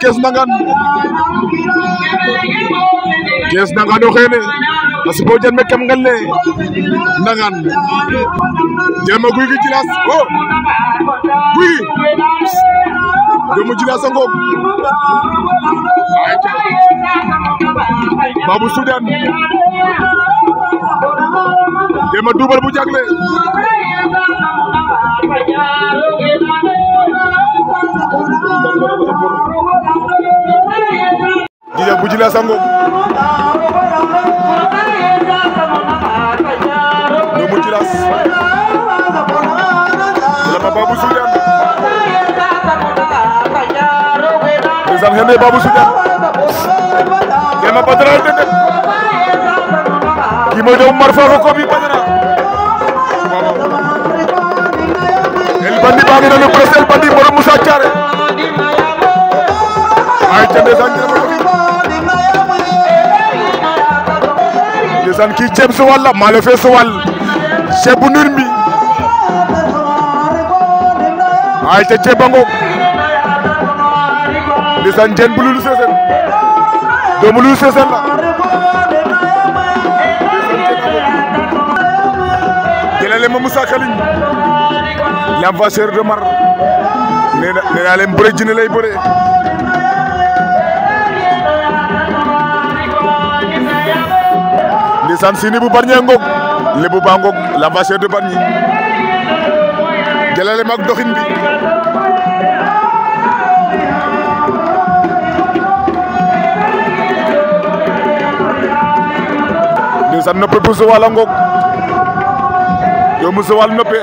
Kees Ndangaan Kees Ndangaan o xeene a sipo me kam ngal ne Ndangaan jama guy gi Djilass guy doomu Djilass a ngoog Babou Soudan duubal bu jagle nag bu ci la sango doomu Djilass lama Babou Soudiane ndeysaan xëy kii mooy doomu Marfa ko kobi El Bandit baa ngi noonu presque El Bandit borom Moussa Thiaré ay ca ndeysaan ndeysaan kii ceeb su wàll la maa fee su wàll ceeb bu ay ca ceeb ba ngoog ndeysaan jën bu seeseen doomu lulu seeseen la jëlale ma Moussa Kaliñ l'ambassadeur de Mar nee na nee naa leen bëre jinne lay bëre ndeysaan sini bu barñee ngok lébu ba ngok l'avanceur de barñi jëlale mag doxin bi ndeysaan noppe bu sowal a ngok yow sowal noppe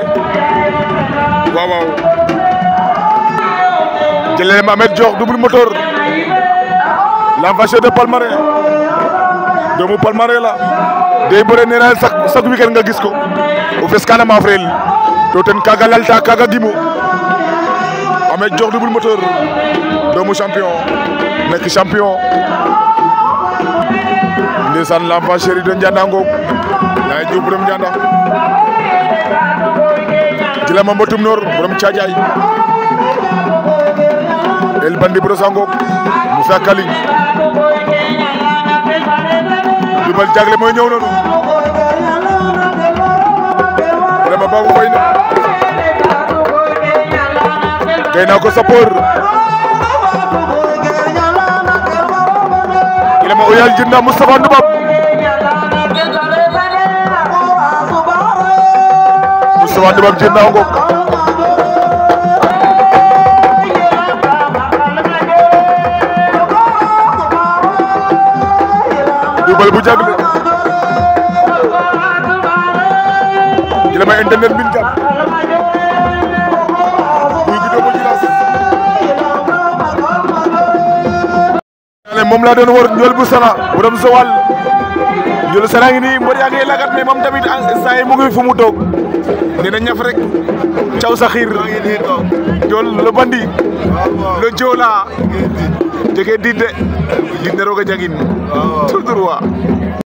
waaw waaw jëlale Mamed Diokh double moteur l'avanceur de Palmarin doomu Palmarin la day bëre nee naa nga gis ko o feskana ma frel to ten kaga lalta kaga gimo ame jox double moteur doomu champion nekk champion ndeysaan l'enfant chéri de Ndianda ngoog yaay Diouf borom Ndianda jilama mbotum noor borom caajaay el bandi brosa ngoog Moussa Kaling Jurbel jagle mooy ñëw noonu vraiment baabu fay na gay naa ko sapeur ilama oyal jinna Moustapha Ndubab Moustapha Ndubab jinna ngok jaglu yelema internet bin jam buy gi gitu, dobo jilas gitu. mom la doon wor ñol bu sana borom sa wal ñol sana ngi ni mbor ya ngay lagat mais mom tamit say mu ngi fu mu tok dina ñaf rek ciaw sa xir ñol le bandi le jola jege dit de ginderoga ñagin tur durwa